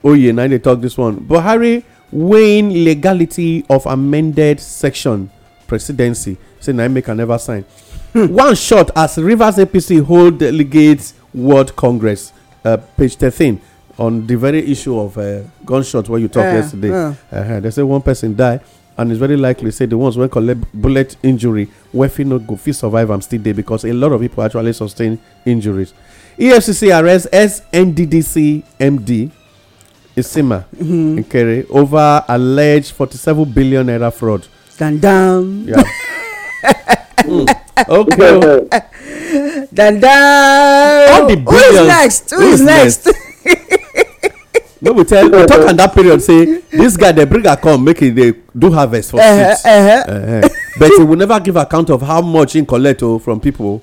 oye oh na im dey talk this one buhari weighing legality of amended section presidency say na im make i never sign one shot as rivers apc hold delegates world congress uh, page thirteen on the very issue of uh, gunshot wey you talk yesterday -huh. they say one person die and it's very likely say the ones wey collect bullet injury wey fit no go fit survive am still dey because a lot of people actually sustain injuries efcc arrest snddc md Isima mm-hmm. Nkere over alleged forty-seven billion naira fraud. Dandam. Yeah. mm. Okay. Dandam. All the billions. Who is next? Who, Who is next? next? no, we tell we talk on that period say this guy bring bringer come make it they do harvest for uh-huh, seeds. Uh-huh. Uh-huh. but he will never give account of how much he collect oh, from people.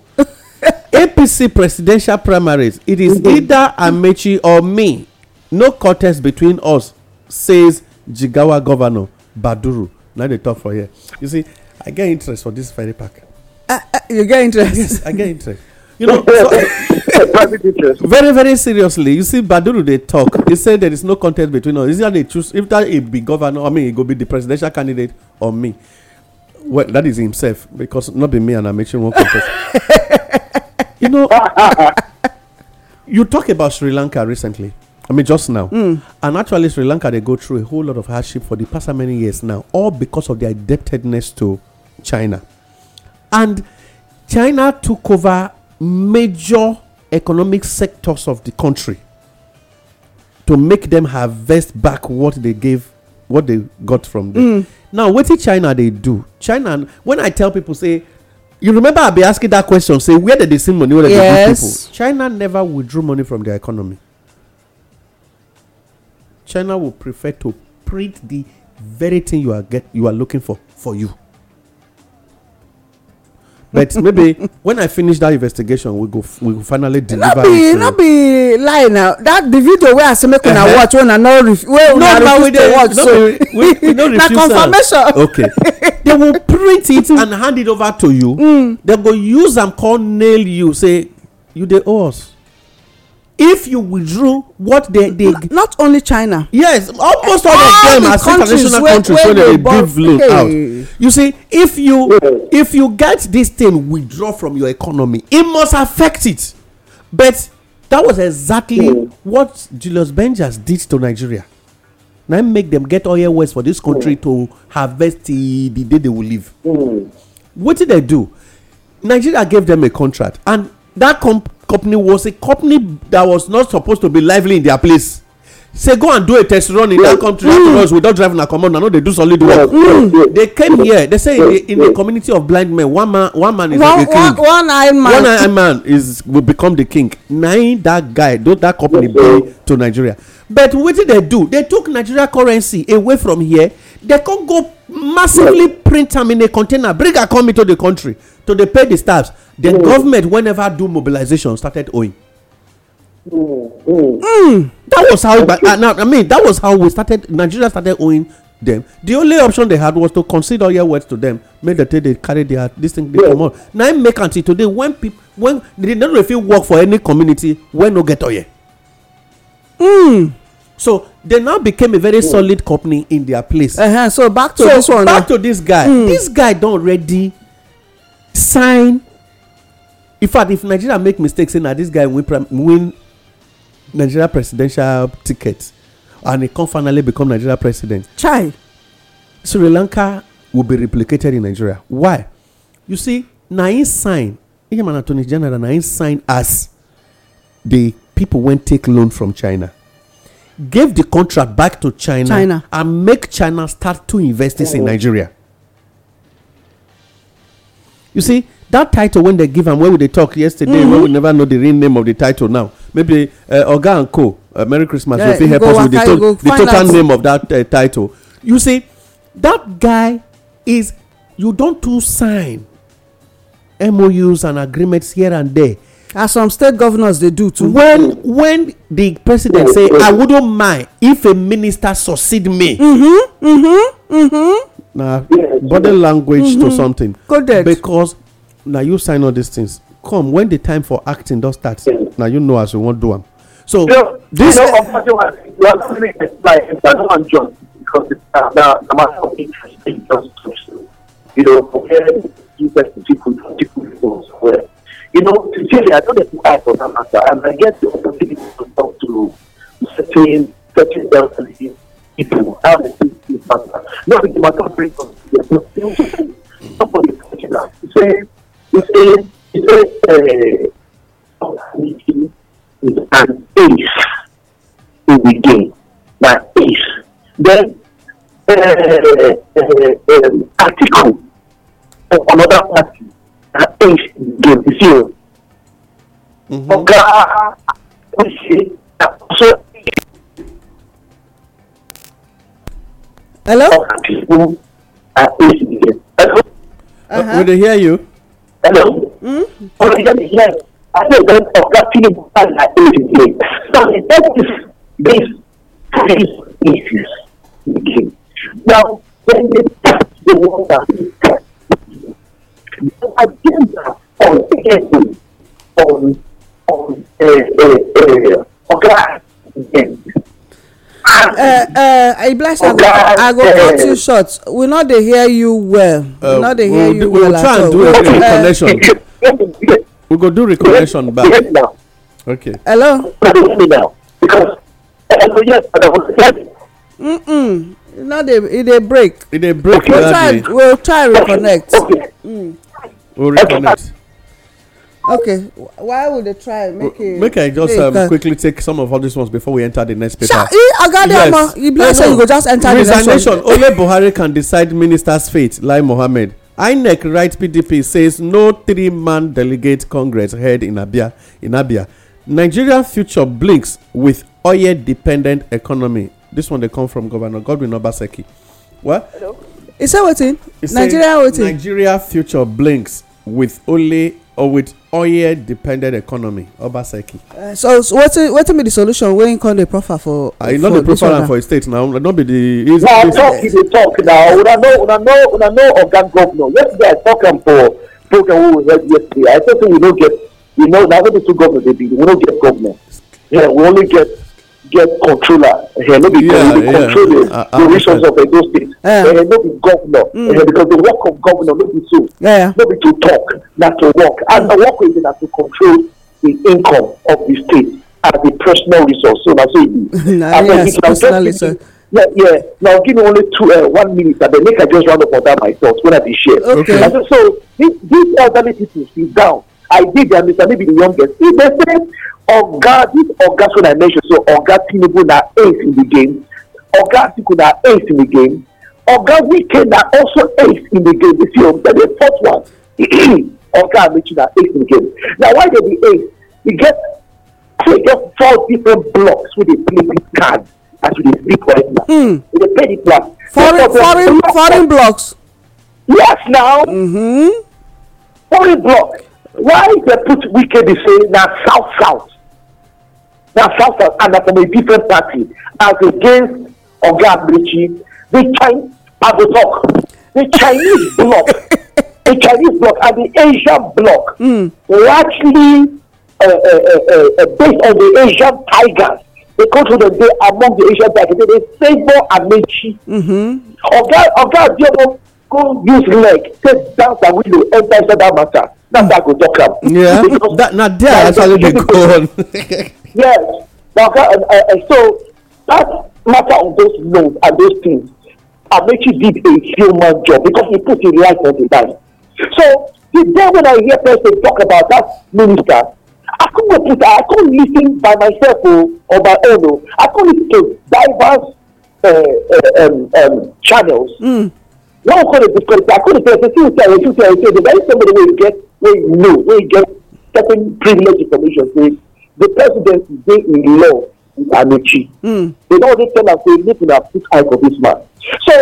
APC presidential primaries it is mm-hmm. either Amechi or me no contest between us says jigawa governor baduru na dey talk for here you see i get interest for this ferry park uh, uh, you get interest yes i get interest you know so very very seriously you see baduru dey talk He say there is no contest between us either they choose if that he be governor i mean He go be the presidential candidate or me well that is himself because not be me and i'm making one contest you know you talk about sri lanka recently I mean, just now. Mm. And actually, Sri Lanka, they go through a whole lot of hardship for the past many years now, all because of their indebtedness to China. And China took over major economic sectors of the country to make them harvest back what they gave, what they got from them. Mm. Now, what did China they do? China, when I tell people, say, you remember I'll be asking that question, say, where did they send money? Where did yes. they give people? China never withdrew money from their economy. China will prefer to print the very thing you are get you are looking for for you. But maybe when I finish that investigation, we go we will finally deliver. No be no be lie now. That the video wey I say make una watch una no ref wey una no, refuse to watch no, so we, we no na confirmation. Okay, they will print it and hand it over to you. Mm. They go use am call nail you say you dey owe us if you withdraw what they they. not only china. yes almost all, all of them are still traditional countries wey dey give loan out you see if you if you get this thing withdraw from your economy e must affect it but that was exactly what julius benjas did to nigeria na im make dem get oil wells for dis country to harvest the the day they will leave wetin dem do nigeria gave dem a contract and dat comp company was a company that was not supposed to be lively in their place say go and do a test run in that mm. country after mm. us without driving na comot na no dey do solid work mm. they came here they say in the in the community of blind men one man one man is one, king one, one eye man one eye man is will become the king na him that guy though that company pay to nigeria but wetin they do they took nigeria currency away from here they come go massively print am in a container bring am come into the country to dey pay the staffs the mm. government wey never do mobilization started owing. Mm, mm. Mm, that was how uh, now, I mean that was how we started Nigeria started owing them. The only option they had was to consider your words to them, make the they carry their this thing they yeah. come on. Now I make until today when people when they don't if work for any community when no get oil. Mm. So they now became a very yeah. Mm. solid company in their place. Uh-huh. So back to so this one. Back now. Uh, to this guy. Mm. This guy don't ready sign in fact if nigeria make mistake say na this guy win win nigeria presidential ticket and he come finally become nigeria president chai sri lanka will be replicated in nigeria why you see na him sign ijeman attorney general na him sign as the people wey take loan from china give the contract back to china china and make china start to invest in oh. nigeria you see that title when they give am Where we dey talk yesterday when we mm-hmm. never know the real name of the title now maybe uh, oga and co uh, merry christmas you fit help us with the total name of that uh, title you see that guy is you don too sign mous and agreements here and there as some state governors dey do too when when the president say i wouldn't mind if a minister succeed me mm-hmm mm-hmm mm-hmm na body language to mm-hmm. something because na you sign all these things come when the time for acting don start na you know as you wan do am so this you know unfortunately you are not really explain uh, i don't wan join because it's na na matter of interest in just to you know compare interest to people to people goals well you know sincerely i don't dey put for that matter and i get the opportunity to talk to certain certain elderly people out and see this matter. Not that you are not bring on somebody touching us. You say, you say, you say, uh, is ace in the game. My ace. Then, uh, uh, um, article of another party, an ace in the game, zero. Oh. Mm-hmm. Oga, we ah, ah, ah. see, also uh, Hello? Uh-huh. Would they hear you? Hello? Mm-hmm. Oh, they can hear. I think that's of that feeling of Okay. Now, when they the water, the agenda on everything, on, on, uh, uh, uh, okay, Uh i bless you. go i go cut you short we not dey hear you well we uh, not dey hear you well at all we try and do a uh, reconnection we go do reconnection back okay hello mm-mm no they e They break e dey break we try We'll try reconnect mm. we reconnect okay why would they try make a make i just um, quickly take some of all these ones before we enter the next paper sha eh, yes. you blame you go just enter resignation only buhari can decide minister's fate lai mohammed inec right pdp says no three-man delegate congress head in abia in abia nigeria future blinks with oil dependent economy this one dey come from governor godwin obaseki What? Hello? e say wetin nigeria wetin nigeria future blinks with only or with oil dependent economy obaseki. Uh, eh, so, so wetin wetin be the solution wey come dey proffer for. Uh, e no dey proffer am for a state now no be the easy. na talk e dey talk na una no una no una no organ governor yesterday i talk am for program wey we head yesterday i talk say we no get We know na only two governors dey be we no get governor yeah, we only get get controller uh, no be yeah, no be yeah. controlling uh, the resources of edo state uh, eh. uh, eh, no be governor mm. uh, because the work of governor no be so yeah. no be to talk na to work and the work wey be na to control the income of the state as the personal resource so na so e be nah, and yes, if na just give me yeah yeah now give me only two uh, one minute abeg make i just round up on that my thoughts when i dey share okay so, so these these elderly people sit down i dey there mr maybe the youngest if they say oga this oga so i mention so oga tinubu na ace in the game oga atiku na ace in the game oga wike na also ace in the game this year dem dey fourth one oga amechi na ace in the game na why dem be ace e get say e get four different blocks wey dey play with cards as we dey speak right now mm. we dey play the class foreign foreign blocks. foreign blocks yes now mm-hmm. foreign block. why dem put wike be say na south south na Southern and are from a different party as against Oga Abirichi. The Chinese, I will talk, the Chinese bloc, the Chinese bloc and the Asian bloc mm. largely uh uh, uh, uh, uh, based on the Asian tigers. They come to the day among the Asian tigers, they, they favor Amechi. Mm-hmm. Oga, Oga Abiomo go use leg take dance the window enter inside that matter. That's how I go talk am. Yeah, that, na there actually dey go on. Yes. So that matter of those loans and those things, Amechi did a human job because he put his life on the line. So the day when I hear person talk about that minister, I couldn't put I couldn't listen by myself or, or by own. Oh, I couldn't listen to diverse uh, uh, um, um, channels. Mm. One couldn't discuss I couldn't say two tell two tell two. There is somebody where you get where you know where you get certain privileged information. Say, the president is dey in law with amaechi mm. they don already tell am say make una put eye for this man so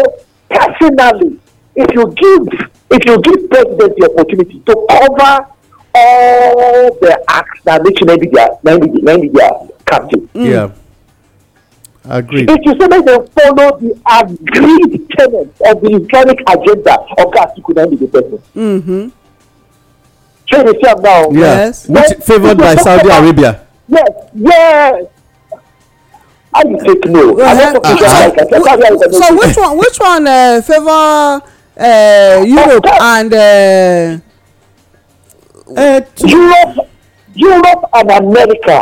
personally if you give if you give president the opportunity to cover all the acts that make sure their na be their captain. Mm. Yeah. Agreed. If you say make dem follow the agreed tenets of the islamic agenda of atiku na be the person. Mm -hmm. shey yourself see now. yes which favoured by saudi arabia yes yes how you take know well, i no uh, talk to you uh, like i tell you how you so which one which one uh, favour uh, europe and uh, uh, europe europe and america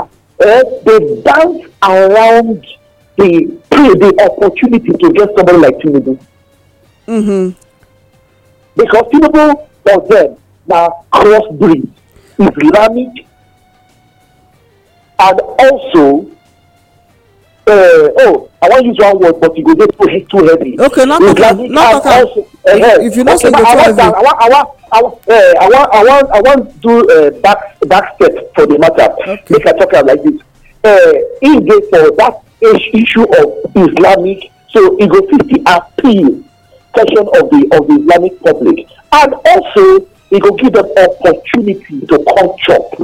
eh, dey dance around the the opportunity to get somebody like tinubu. Mm-hmm. because tinubu for them na crossbreed islamic also uh, oh i want to use one word but it go dey too too heavy. okay not talk not uh, talk uh-huh. if you know say e too heavy. i want, i wan i wan uh, i wan i wan do uh, back back step for the matter. okay make a talk am like this. Uh, e dey for that issue of islamic so e go fit the appeal section of the of the islamic public and also e go give them opportunity to come chop.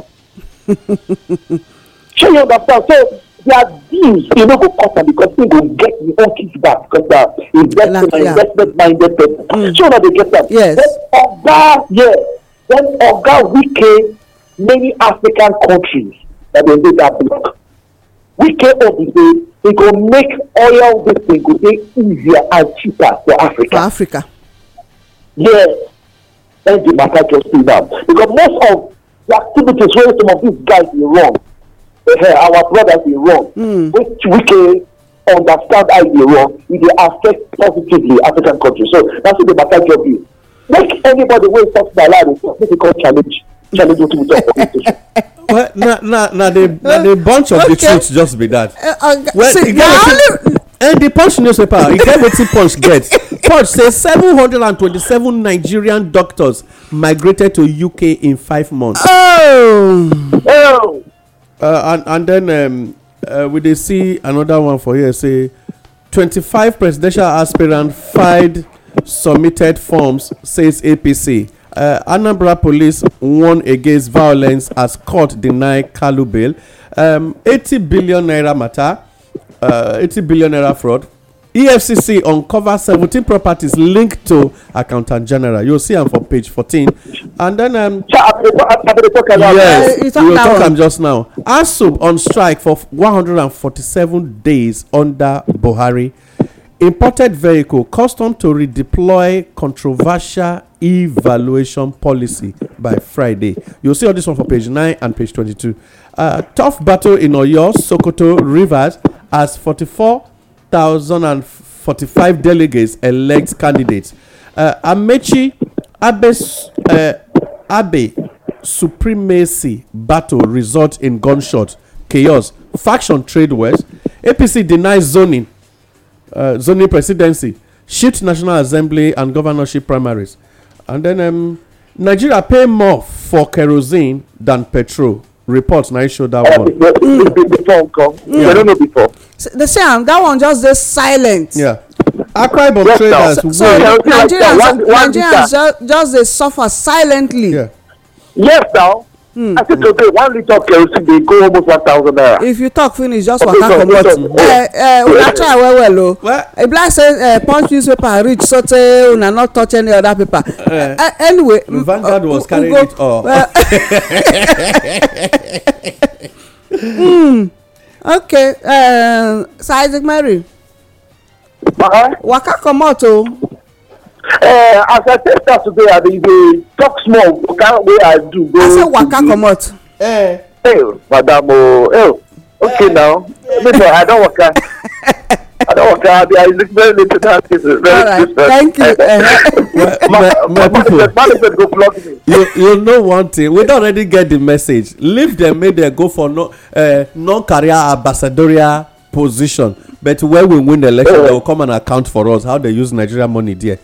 So you understand? So their deals, you know, go cut them because they will get the whole back because they are investment, yeah. investment minded people. Mm. Sure, now they get that. Yes. Then Oga, yes. Then Oga Wike, many African countries that they made that block. Wike Obise, they go make oil this thing go dey easier and cheaper for Africa. For Africa. Yes. Then the matter just be now. Because most of the activities where some of these guys dey run uh, our brothers dey wrong mm. which wike understand how e dey wrong e dey affect positively african countries so na so the matter job be make anybody wey talk to allah dey talk make e come challenge challenge wetin we talk for politician. well na na na the na the bunch of okay. the truth just be that. Eh, uh, well, see, na only and the punch newspaper e get wetin punch get punch say seven hundred and twenty-seven nigerian doctors migrated to uk in five months. Oh. Oh. Uh, and, and then um, uh, we they see another one for here say 25 presidential aspirants filed submitted forms says apc uh, anambra police warn against violence as court deny kalu bail um, 80 billion naira matter uh, 80 billion naira fraud efcc uncover 17 properties linked to accountant general you'll see am for page 14 and then um, yes you talk am just now asub on strike for 147 days under buhari imported vehicle custom to redeploy controversial evaluation policy by friday you'll see all this one for page 9 and page 22 uh, tough battle in oyo sokoto rivers as 44 1,045 delegates elect candidates. Uh, Amechi Abe's, uh, Abe supremacy battle result in gunshot, chaos, faction trade wars. APC denies zoning, uh, zoning presidency, shift National Assembly and governorship primaries. And then um, Nigeria pay more for kerosene than petrol. Report now show that one. Before, come. Yeah. They don't know before. The say that one just dey silent yeah akwa ibom yes, traders so, so nigerians one, one nigerians just, just dey suffer silently yeah. yes now hmm. i say today one litre kerosene dey go almost one thousand naira. if you talk finish just waka comot eh, eh, una eh. try well well o e be like say uh, punch newspaper reach sotey una no touch any other paper uh, uh, anyway. vanguard uh, was carrying it all. Hmm okay um, eh, sir isaac mary waka comot o. Eh, as i take start today i dey dey talk small waka wey i do go. i say waka comot. Hey, eh. madam o. Oh, hey. Okay, now. I don't work. Uh, I don't work. Uh, I it's very little that is very right. Thank you. Uh-huh. my, my, my, my people, go block me. You, you know one thing. We don't already get the message. Leave them, may they go for no uh, non-career ambassadorial position. But when we win the election, they will come and account for us how they use Nigeria money there.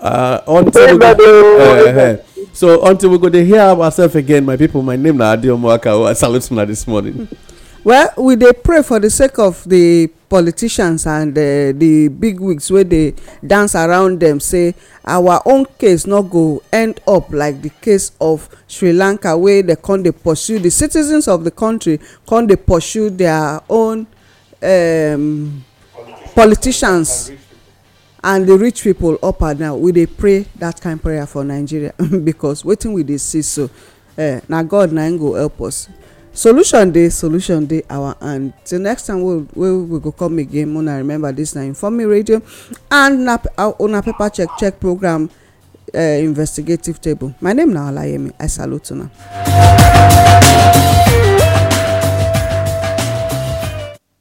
Uh, until we go, uh, so until we go to hear ourselves again, my people, my name is Adi Omoaka. I salute you this morning well we dey pray for the sake of the politicians and uh, the big wigs wey dey dance around them? say our own case no go end up like the case of sri lanka wey dem con dey pursue the citizens of the country con dey pursue their own um, politicians and the rich people up and down we dey pray that kind prayer for nigeria because wetin we dey see so uh, na god na im go help us solution dey solution dey our hand till next time wey we go come again mona remember dis na informing radio and na una paper check check program eh, investigative table my name na olayemi i salute una